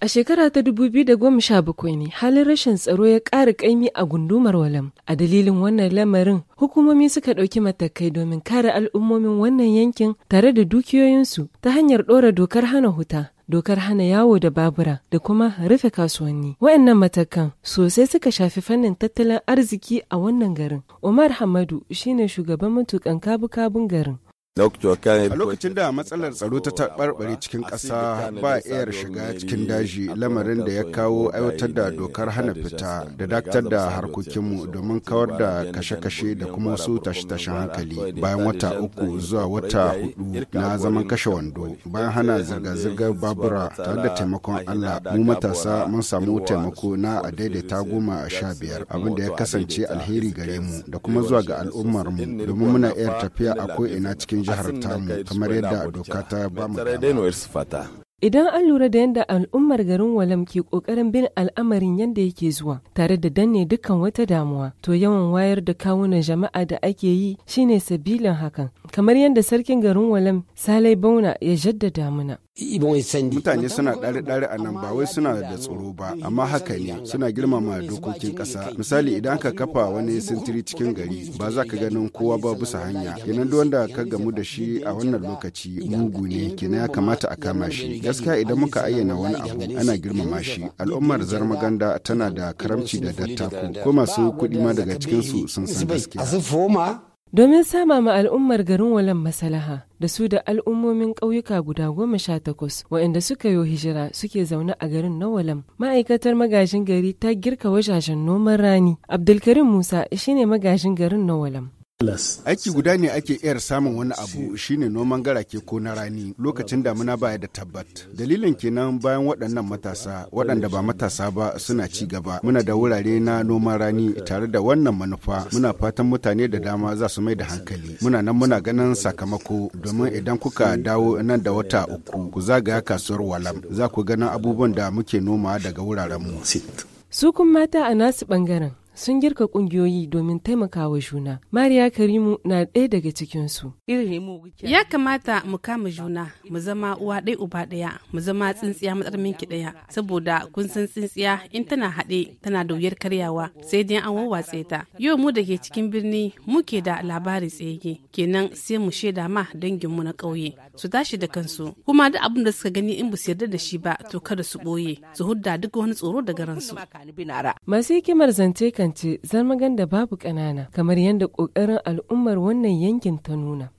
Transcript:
A shekara ta 2017 ne halin rashin tsaro ya ƙara ƙaimi a gundumar Walam. A dalilin wannan lamarin, hukumomi suka ɗauki matakai domin kare al'ummomin wannan yankin tare da dukiyoyinsu ta hanyar ɗora dokar hana huta. dokar hana yawo da babura da kuma rufe kasuwanni. Wa'annan matakan sosai suka shafi fannin tattalin arziki a wannan garin. Umar Hamadu shine shugaban matukan kabu-kabun garin. a lokacin da matsalar tsaro ta taɓarɓare cikin ƙasa ba iyar shiga cikin daji lamarin da ya kawo aiwatar da dokar hana fita da daktar da harkokinmu domin kawar da kashe-kashe da kuma wasu tashe-tashen hankali bayan wata uku zuwa wata hudu na zaman kashe wando bayan hana zirga-zirgar babura tare da taimakon allah mu matasa mun samu taimako na a daidaita goma a sha biyar abin da ya kasance alheri gare mu da kuma zuwa ga al'ummar mu domin muna iya tafiya a ko'ina cikin jihar tamu kamar yadda doka ta ba mu Idan an lura da yadda al'ummar garin Walam ke ƙoƙarin bin al'amarin yadda yake zuwa, tare da danne dukkan wata damuwa, to yawan wayar da kawunan jama'a da ake yi shine sabilin hakan. Kamar yadda sarkin garin Walam Salai Bauna ya jaddada mana. mutane suna ɗare-ɗare a nan ba wai suna da tsoro ba amma haka ne suna girmama dokokin ƙasa misali idan ka kafa wani sintiri cikin gari ba za ka ganin kowa ba bisa hanya kenan duk wanda ka gamu da shi a wannan lokaci mugu ne kenan ya kamata a kama shi gaskiya idan muka ayyana wani abu ana girmama shi al'ummar zarmaganda tana da karamci da dattako ko masu kuɗi ma daga cikinsu sun san gaskiya domin sama ma al'ummar garin walan masalaha da su da al'ummomin ƙauyuka guda goma sha takwas waɗanda suka yi hijira suke zaune a garin na walam ma'aikatar magajin gari ta girka wajajen noman rani abdulkarim musa shine magajin garin na walam Aiki guda ne ake iyar samun wani abu shine noman garake ko na rani lokacin damuna baya da tabbat. Dalilin kenan bayan waɗannan matasa waɗanda ba matasa ba suna ci gaba. Muna da wurare na noman rani tare da wannan manufa muna fatan mutane da dama za su mai da hankali. Muna nan muna ganin sakamako domin idan kuka dawo nan da wata uku ku zagaya kasuwar walam za ku ganin abubuwan da muke noma daga wuraren mu. Su mata a nasu ɓangaren sun girka kungiyoyi domin taimakawa juna. Mariya Karimu na ɗaya daga cikinsu. Ya kamata mu kama juna, mu zama uwa ɗaya uba ɗaya, mu zama tsintsiya minki ɗaya, saboda kun san tsintsiya in tana haɗe tana da wuyar karyawa sai dai an wawwatse ta. Yau mu da ke cikin birni muke da labari tsege, kenan sai mu shaida ma mu na ƙauye su tashi da kansu, kuma duk abin da suka gani in ba su yarda da shi ba to kada su ɓoye, su hudda duk wani tsoro daga ransu. Masu hikimar zance kan magance zarmagan da babu ƙanana kamar yadda ƙoƙarin al'ummar wannan yankin ta nuna.